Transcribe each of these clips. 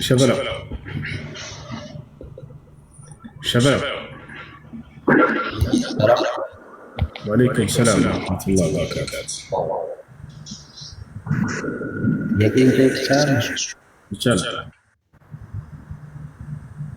شباب شباب وعليكم السلام ورحمة الله وبركاته يقين كيف سام إن يا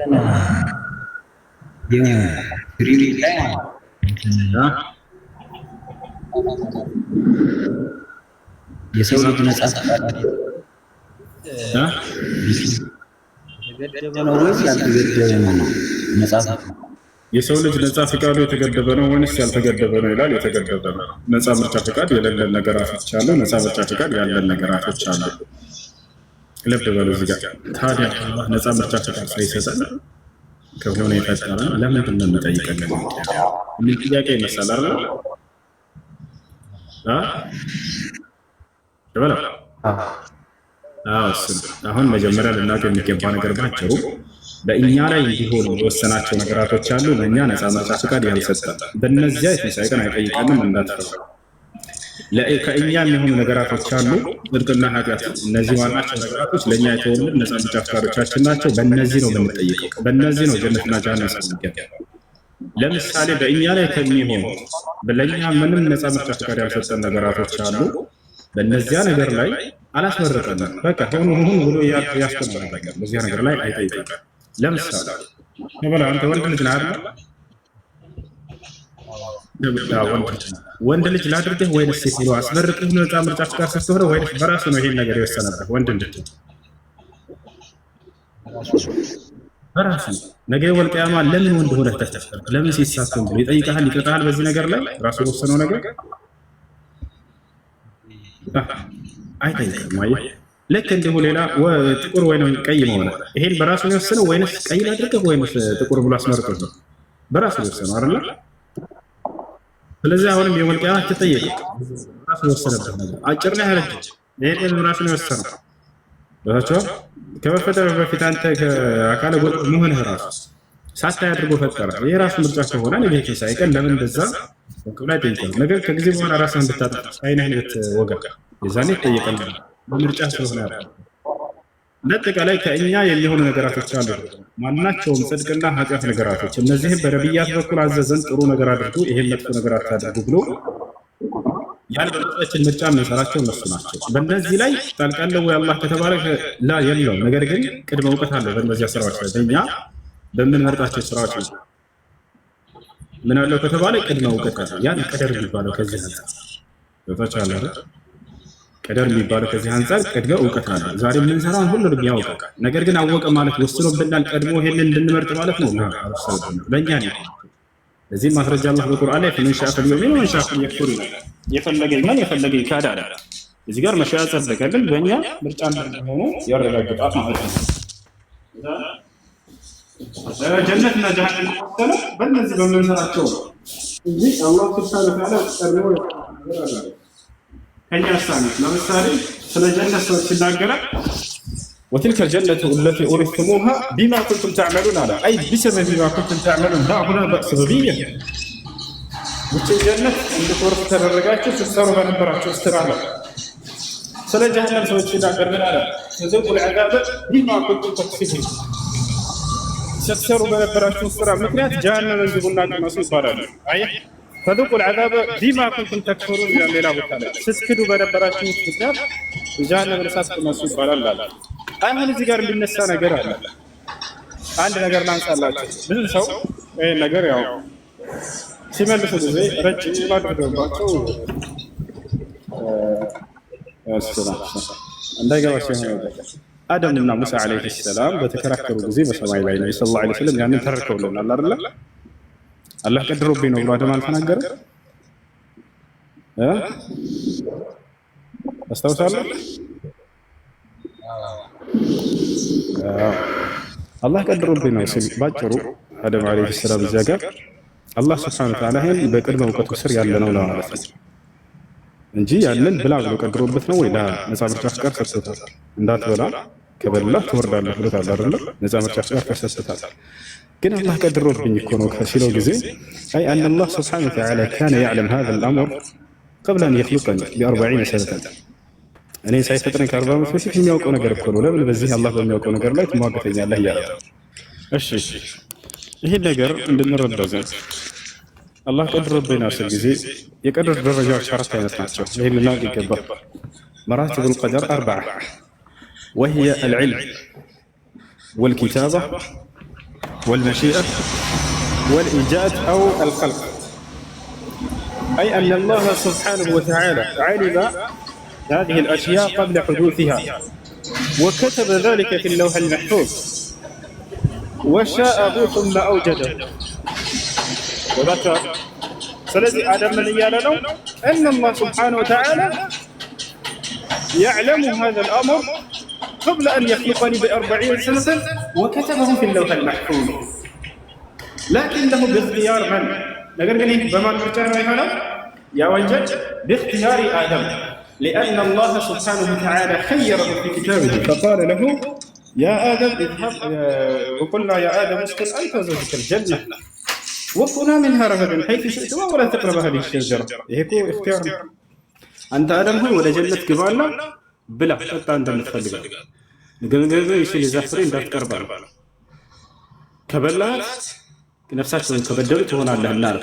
الله يا يا الله يا ልጅ يا ها የተገደበ ነው ወይስ ያልተገደበ ነው? መጽሐፍ የሰው ልጅ ነጻ ፍቃዱ የተገደበ ነው ወይንስ ያልተገደበ ነው ይላል። የተገደበ ነው። ነጻ ምርጫ ፍቃድ የሌለን ነገራቶች አሉ። ነጻ ምርጫ ፍቃድ ያለን ነገራቶች አሉ። ለብ በሉ እዚህ ጋር ታዲያ ነጻ ምርጫ ፍቃድ ሳይሰጠን ከሆነ የፈጠረ ለምንድን ነው የምጠይቀን? ምን ጥያቄ ይመስላል አለ በላ አሁን መጀመሪያ ልናውቅ የሚገባ ነገር ባጭሩ በእኛ ላይ እንዲሆኑ የወሰናቸው ነገራቶች አሉ። ለእኛ ነፃ ምርጫ ፍቃድ ያልሰጠን በእነዚያ የተሳይቀን አይጠይቀንም እንዳትፈራ። ከእኛ የሚሆኑ ነገራቶች አሉ፣ ጽድቅና ኃጢአት። እነዚህ ዋናቸው ነገራቶች ለእኛ የተሆኑልን ነፃ ምርጫ ፍቃዶቻችን ናቸው። በእነዚህ ነው የምንጠይቀው፣ በእነዚህ ነው ጀነትና ጃሃንም ያስፈልጋል። ለምሳሌ በእኛ ላይ ከሚሆኑ ለእኛ ምንም ነፃ ምርጫ ፍቃድ ያልሰጠን ነገራቶች አሉ። በእነዚያ ነገር ላይ አላስመረጠም። በቃ ሆኖ ሆኖ ብሎ ያስቀመጠ ነገር በዚያ ነገር ላይ አይጠይቅም። ለምሳሌ በላ አንተ ወንድ ልጅ ነህ አይደል? ወንድ ልጅ ላድርግህ ወይንስ ሴት ብሎ አስመርጥህ ነፃ ምርጫ ፍቃድ ሰስተሆነ ወይንስ በራሱ ነው ይሄን ነገር የወሰነበት ወንድ እንድትል በራሱ ነገ ወልቅያማ ለምን ወንድ ሆነ ተተፈ ለምን ሲሳተም ሳትሆን ብሎ ይጠይቀሃል፣ ይቀጣሃል። በዚህ ነገር ላይ ራሱ የወሰነው ነገር አይጠይቅም። አየህ፣ ልክ እንዲሁ ሌላ ጥቁር ወይም ቀይ መሆነ ይሄን በራሱ የሚወስነው ወይንስ ቀይ ላድርገህ ወይንስ ጥቁር ብሎ አስመርጦት ነው በራሱ አይደለ? ስለዚህ አሁንም የመልቀያ ትጠየቅ ራሱ የወሰነበት ነገር አጭር ያለች ይሄን የወሰነው ከመፈጠር በፊት አንተ ከአካለ ጎ መሆንህ ራሱ ሳታይ አድርጎ ፈጠረ። የራሱ ምርጫ ከሆነ ነገ ሳይቀን ለምን እንደዛ ላይ ጠይቀል። ነገር ከጊዜ በኋላ ራስን ብታጠ አይን አይነት ወገር የዛኔ ይጠየቀል። በምርጫ ስለሆነ እንደ አጠቃላይ ከእኛ የሚሆኑ ነገራቶች አሉ። ማናቸውም ጽድቅና ኃጢአት ነገራቶች፣ እነዚህም በነቢያት በኩል አዘዘን ጥሩ ነገር አድርጉ፣ ይሄን መጥፎ ነገር አታድርጉ ብሎ ያን በመጣችን ምርጫ የምንሰራቸው እነሱ ናቸው። በእነዚህ ላይ ጣልቃለው ወይ አላህ ከተባለ ላ የለውም። ነገር ግን ቅድመ እውቀት አለው በእነዚያ ስራዎች ላይ በእኛ በምንመርጣቸው ስራዎች ነው። ምን አለው ከተባለ ቅድመ እውቀት አለ። ያን ቀደር የሚባለው ከዚህ አንጻር በተቻለ ቀደር የሚባለው ከዚህ አንጻር ቅድመ እውቀት አለ። ዛሬ የምንሰራውን ሁሉንም ያውቃል። ነገር ግን አወቀ ማለት ወስኖብናል። ቀድሞ ይሄንን እንድንመርጥ ማለት ነው። ለእኛ ነው። ለዚህም ማስረጃ አላህ በቁርአን ላይ ፈመን ሻአ ፈልዩእሚን ወመን ሻአ ፈልየክፉር የፈለገ ይመን የፈለገ ይካድ አለ። እዚህ ጋር መሻያ ጸደቀ፣ ግን በእኛ ምርጫ እንደሆነ ያረጋግጣል ማለት ነው። ጀነትና ጀሃነም ተሰለ በእነዚህ በምንሰራቸው እንጂ አላህ Subhanahu Wa Ta'ala ቀርቦ ከኛ አስተምሮት ለምሳሌ ስለ ጀነት ሰዎች ሲናገረ وتلك الجنة التي أورثتموها بما كنتم تعملون على أي بسبب ما كنتم تعملون لا هنا سببية وتلك الجنة اللي تورث تدرجاتك تستروا من براتك استرالة سلا جهنم سويت في ذاك الرجال نزلت العذاب بما كنتم تكسبون ስትሰሩ በነበራችሁ ስራ ምክንያት ጀሃነም ዝቡና ቅመሱ ይባላሉ። አይ ፈዱቁ ልዓዛበ ቢማ ኩንቱም ተክፈሩ ይላል። ሌላ ቦታ ላይ ስትክዱ በነበራችሁ ምክንያት ጀሃነም እሳት ቅመሱ ይባላል አለ። አሁን እዚህ ጋር የሚነሳ ነገር አለ። አንድ ነገር ላንሳላችሁ። ብዙ ሰው ይህ ነገር ያው ሲመልሱ ጊዜ ረጅም ባደረባቸው እንዳይገባቸው አደምና ሙሳ ዓለይሂ ሰላም በተከራከሩ ጊዜ በሰማይ ላይ ነው ሰለላሁ ዐለይሂ ወሰለም ያንን ተርከውልናል አይደለ? አላህ ቀድሮብኝ ነው ብሎ አደም አልተናገረ እ አስታውሳለህ? አላህ ቀድሮብኝ ነው ሲል ባጭሩ አደም ዓለይሂ ሰላም እዚያ ጋር አላህ ሱብሓነሁ ወተዓላ ይሄን በቅድመ እውቀቱ ስር ያለ ነው ለማለት ነው እንጂ ያንን ብላ ብሎ ቀድሮበት ነው ወይ? ለነፃ ምርጫ ፍቃድ ሰጥቶታል እንዳትበላ ከበላህ ትወርዳለህ ብሎታል አይደለ? ነፃ ምርጫ ፍቃድ ከሰጥታል። ግን አላህ ቀድሮብኝ እኮ ነው ሲለው ጊዜ አይ አን አላህ ስብሓነ ወተዓላ ካነ ያዕለም ሃዛ ልአምር ቀብለ አን የክሉቀኒ ቢአርባዒነ ሰነተን እኔ ሳይፈጥረኝ ከአርባ ዓመት በፊት የሚያውቀው ነገር እኮ ነው። ለምን በዚህ አላህ በሚያውቀው ነገር ላይ ትሟገተኛለህ እያለ እሺ፣ ይህን ነገር እንድንረዳው ዘንድ አላህ ቀድሮብኝ ስል ጊዜ የቀድር ደረጃዎች አራት አይነት ናቸው። ይህን ልናውቅ ይገባል። መራቲቡል ቀደር አርባዓ وهي العلم والكتابة والمشيئة والإيجاد أو الخلق أي أن الله سبحانه وتعالى علم هذه الأشياء قبل حدوثها وكتب ذلك في اللوح المحفوظ وشاءه ثم أوجده وذكر فالذي አደም من እያለ أن الله سبحانه وتعالى يعلم هذا الأمر قبل أن يخلقني بأربعين سنة وكتبهم في اللوح المحفوظ لكنه باختيار من؟ لكن بما كتاب هذا يا وجد باختيار آدم لأن الله سبحانه وتعالى خيره في كتابه فقال له يا آدم اذهب آه، وقلنا يا آدم اسكن أنت زوجك الجنة وكنا منها رغدا حيث شئتما ولا تقرب هذه الشجرة هيكو إيه، اختيار أنت آدم هو ولا جنة كبارنا ብላ በጣም እንደምትፈልገው ገንዘብ እሺ፣ ሊዘፍሪ እንዳትቀርባል ከበላት ነፍሳቸውን ከበደሉ ትሆናለህ እና ነው።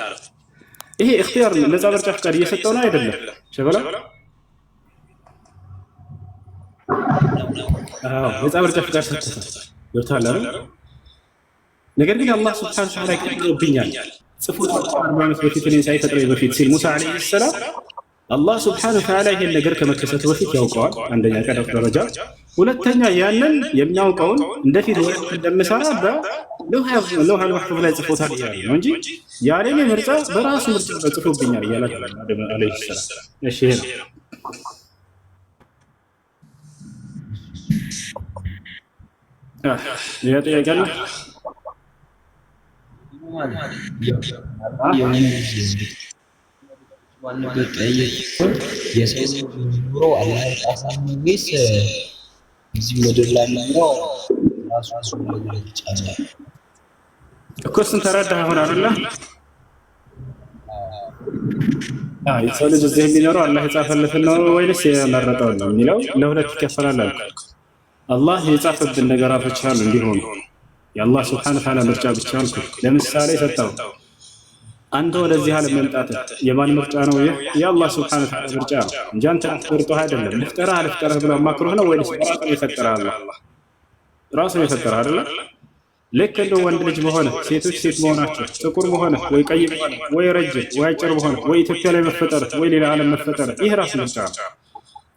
ይሄ እክትያር ነፃ ምርጫ ፍቃድ እየሰጠው ነው አይደለም? ሸበላ ነፃ ምርጫ ፍቃድ ሰጥቶታል። ገብቶሃል አይደል? ነገር ግን አላህ ስብሐነሁ ወተዓላ ይቀጥሎብኛል ጽፎ አርባ ዓመት በፊት እኔን ሳይፈጥረኝ በፊት ሲል ሙሳ ዓለይሂ ሰላም አላህ ስብሓነሁ ወተዓላ ይሄን ነገር ከመከሰቱ በፊት ያውቀዋል። አንደኛ ቀደፍ ደረጃ ሁለተኛ፣ ያንን የሚያውቀውን እንደፊት ወ እንደምሰራ በለውሃ ልማሕፉዝ ላይ ጽፎታል እያለ ነው እንጂ የዓለም ምርጫ በራሱ ምርጫ ጽፎብኛል እያለ ዓለይሂ ሰላም። እሺ ይሄ ነው ሌላ ጥያቄ አለ? የሰው ኑሮ አላጣሳስ እኮ እሱን ተረዳህ አሁን አይደለ? የሰው ልጅ እዚህ የሚኖረው አላህ የጻፈለትን ነው ወይንስ የመረጠው ነው የሚለው ለሁለት ይከፈላል አልኩ። አላህ የጻፈብን ነገራቶች አሉ እንዲሆኑ የአላህ ስብሐነ ተዓላ ምርጫ ብቻ አልኩ። ለምሳሌ ሰጠው አንተ ወደዚህ ዓለም መምጣት የማን ምርጫ ነው? ይህ የአላህ ስብሐነ ወተዓላ ምርጫ ነው እንጂ አንተ ልትመርጠው አይደለም። ልፍጠርህ አልፍጠርህ ብሎ አማክሮህ ነው ወይስ ራሱን የፈጠረህ አለ? ራሱን የፈጠረህ አይደለ? ልክ እንደ ወንድ ልጅ በሆነ ሴቶች ሴት መሆናቸው ጥቁር መሆነ ወይ ቀይ መሆነ ወይ ረጅም ወይ አጭር መሆነ ወይ ኢትዮጵያ ላይ መፈጠር ወይ ሌላ ዓለም መፈጠር ይህ ራሱ ምርጫ ነው።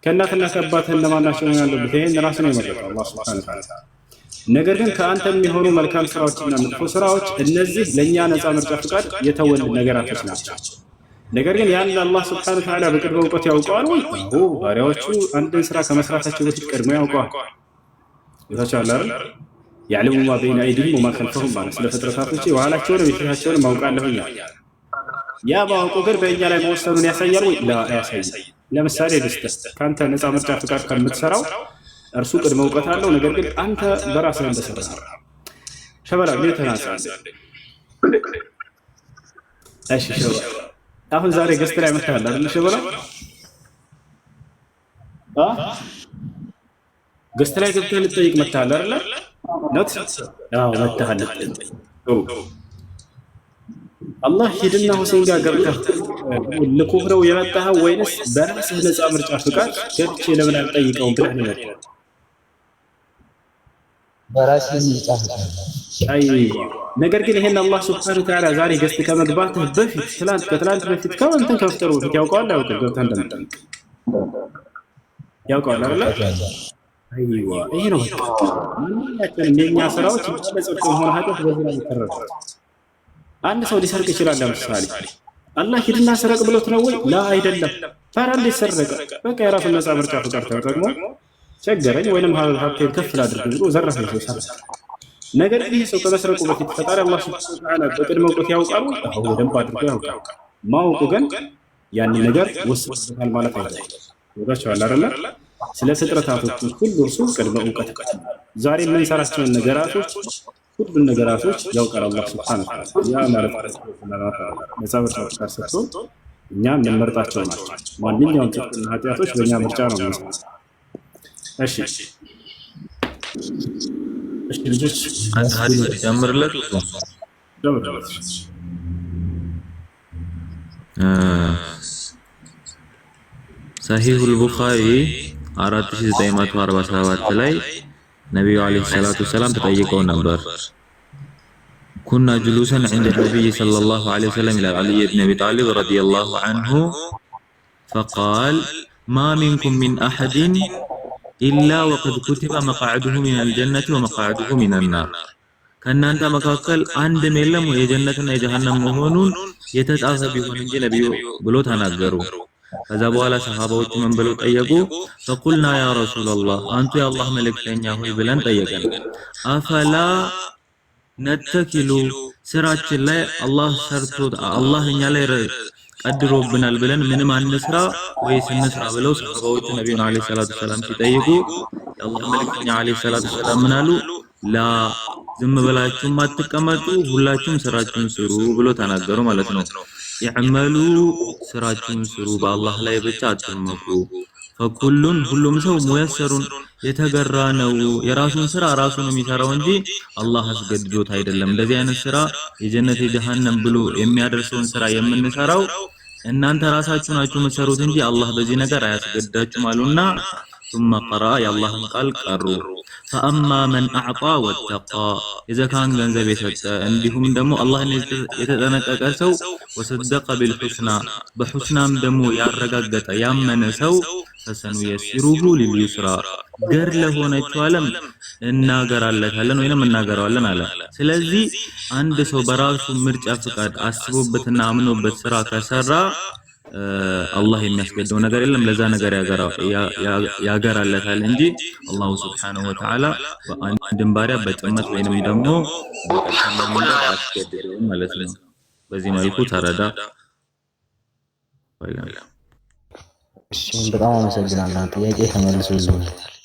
ከእናትና ከአባትህ እነማናቸው ያለበት ይህን ራሱ ነው የመረጠው አላህ ስብሐነ ወተዓላ ነገር ግን ከአንተ የሚሆኑ መልካም ስራዎችና መጥፎ ስራዎች እነዚህ ለእኛ ነፃ ምርጫ ፍቃድ የተወል ነገራቶች ናቸው። ነገር ግን ያን አላህ ስብሐነ ወተዓላ በቅድመ እውቀት ያውቀዋል ወይ? ባሪያዎቹ አንድን ስራ ከመስራታቸው በፊት ቀድሞ ያውቀዋል። ታቸዋል አይደል? ያዕለሙ ማ በይነ አይዲሂም ወማ ከልፈሁም ማለት ስለ ፍጥረታቶች የኋላቸውንም የፊታቸውንም አውቃለሁኝ። ያ ማወቁ ግን በእኛ ላይ መወሰኑን ያሳያል ወይ? አያሳይም። ለምሳሌ ደስተ ከአንተ ነፃ ምርጫ ፍቃድ ከምትሰራው እርሱ ቅድመ እውቀት አለው፣ ነገር ግን አንተ በራስህ እንደሰራ ሸበላ ሌ ተናሳ። እሺ ሸበላ አሁን ዛሬ ገስት ላይ መታል አይደል? ሸበላ ገስት ላይ ገብተህ ልጠይቅ መታል አይደል? ነት አዎ መታል። ጥሩ አላህ ሂድና ሁሴን ጋር ገብተህ ልኩህ ነው የመጣኸው ወይንስ በራስህ ነፃ ምርጫ ፍቃድ ገብቼ ለምን አልጠይቀውም ብለህ ነው? በራሴ ነገር ግን ይሄን አላህ ስብሐነሁ ወተዓላ ዛሬ ገስት ከመግባትህ በፊት ትላንት ከትላንት በፊት ከእንትን ከፍጠሩ በፊት ያውቀዋል ያውቀ ገብተህ እንደምጠምቅ ያውቀዋል አይደለ? ይሄ ነው የኛ ስራዎች ለጽድቅ በዚህ ላይ አንድ ሰው ሊሰርቅ ይችላል። ለምሳሌ አላህ ሂድና ስረቅ ብሎት ነው ወይ? ላ አይደለም። ታዲያ እንዴት ሰረቀ? በቃ የራሱን ነፃ ምርጫ ፍቃድ ተጠቅሞ ቸገረኝ ወይም ሀብቴን ከፍ ላድርግ ብሎ ዘረፈ ሰው ሰ ነገር ግን ይህ ሰው ከመስረቁ በፊት ፈጣሪ አላህ ሱብሓነሁ ወተዓላ በቅድመ እውቀት ያውቃሉ። አሁን በደንብ አድርጎ ያውቃል። ማወቁ ግን ያን ነገር ወስዶታል ማለት አይደለም። ወዳቸዋል አይደለ? ስለ ፍጥረታቶች ሁሉ እርሱ ቅድመ እውቀት ዛሬ የምንሰራቸውን ነገራቶች ሁሉን ነገራቶች ያውቃል አላህ ሱብሓነሁ ወተዓላ። ያ ማለት መጻብር ሰጥቶ እኛ የምንመርጣቸው ናቸው። ማንኛውም ጥቅና ኃጢአቶች በእኛ ምርጫ ነው። آه. صحيح البخاري عرات في دائمات واربع صلوات تلاي نبي عليه الصلاة والسلام تتأيكو نمبر كنا جلوسا عند النبي صلى الله عليه وسلم إلى علي بن أبي طالب رضي الله عنه فقال ما منكم من أحد ኢላ ወቀድ ኩቲባ መቃዕድሁ ሚነል ጀነቲ ወመቃዕድሁ ሚነናር ከእናንተ መካከል አንድም የለም የጀነትና የጀሃነም መሆኑን የተጻፈ ቢሆን እንጂ ነቢዩ ብሎ ተናገሩ። ከዛ በኋላ ሰሃባዎች ምን ብለው ጠየቁ? ፈቁልና ያ ረሱለላህ አንቱ የአላህ መልእክተኛ ሆይ ብለን ጠየቀን። አፈላ ነተኪሉ ስራችን ላይ አላህ ሰርቶ አላህ እኛ ላይ ቀድሮብናል ብለን ምንም አንስራ ወይስ እንስራ ብለው ሰሃባዎቹ ነቢዩን አለይሂ ሰላቱ ሰላም ሲጠይቁ የአላህ መልእክተኛ አለይሂ ሰላቱ ሰላም ምን አሉ? ላ ዝም ብላችሁም አትቀመጡ፣ ሁላችሁም ስራችሁን ስሩ ብሎ ተናገሩ ማለት ነው። ይዕመሉ ስራችሁን ስሩ፣ በአላህ ላይ ብቻ አትመኩ ፈኩሉን ሁሉም ሰው ሙየሰሩን የተገራ ነው። የራሱን ስራ ራሱ ነው የሚሰራው እንጂ አላህ አስገድዶት አይደለም። እንደዚህ አይነት ስራ የጀነት የጀሃነም ብሎ የሚያደርሰውን ስራ የምንሰራው እናንተ ራሳችሁ ናችሁ የምትሰሩት እንጂ አላህ በዚህ ነገር አያስገዳችሁም አሉና ሱመ ቀራ የአላህን ቃል ቀሩ። ፈአማ መን አዕጣ ወተቃ የዘካን ገንዘብ የሰጠ እንዲሁም ደግሞ አላህን የተጠነቀቀ ሰው ወሰደቀ ቢልሑስና በሑስናም ደግሞ ያረጋገጠ ያመነ ሰው ፈሰኑ የሲሩሁ ሊልዩስራ ገር ለሆነችው ዓለም እናገራለታለን ወይንም እናገረዋለን አለ። ስለዚህ አንድ ሰው በራሱ ምርጫ ፍቃድ አስቦበትና አምኖበት ስራ ከሰራ አላህ የሚያስገድመው ነገር የለም። ለዛ ነገር ያገራለታል እንጂ አላሁ ስብሓነሁ ወተዓላ አንድን ባሪያ በጥመት ወይንም ደግሞ አስገድም ማለት ነው። በዚህ መልኩ ተረዳ። በጣም አመሰግናለሁ። ጥያቄ ተመልሶልኛል።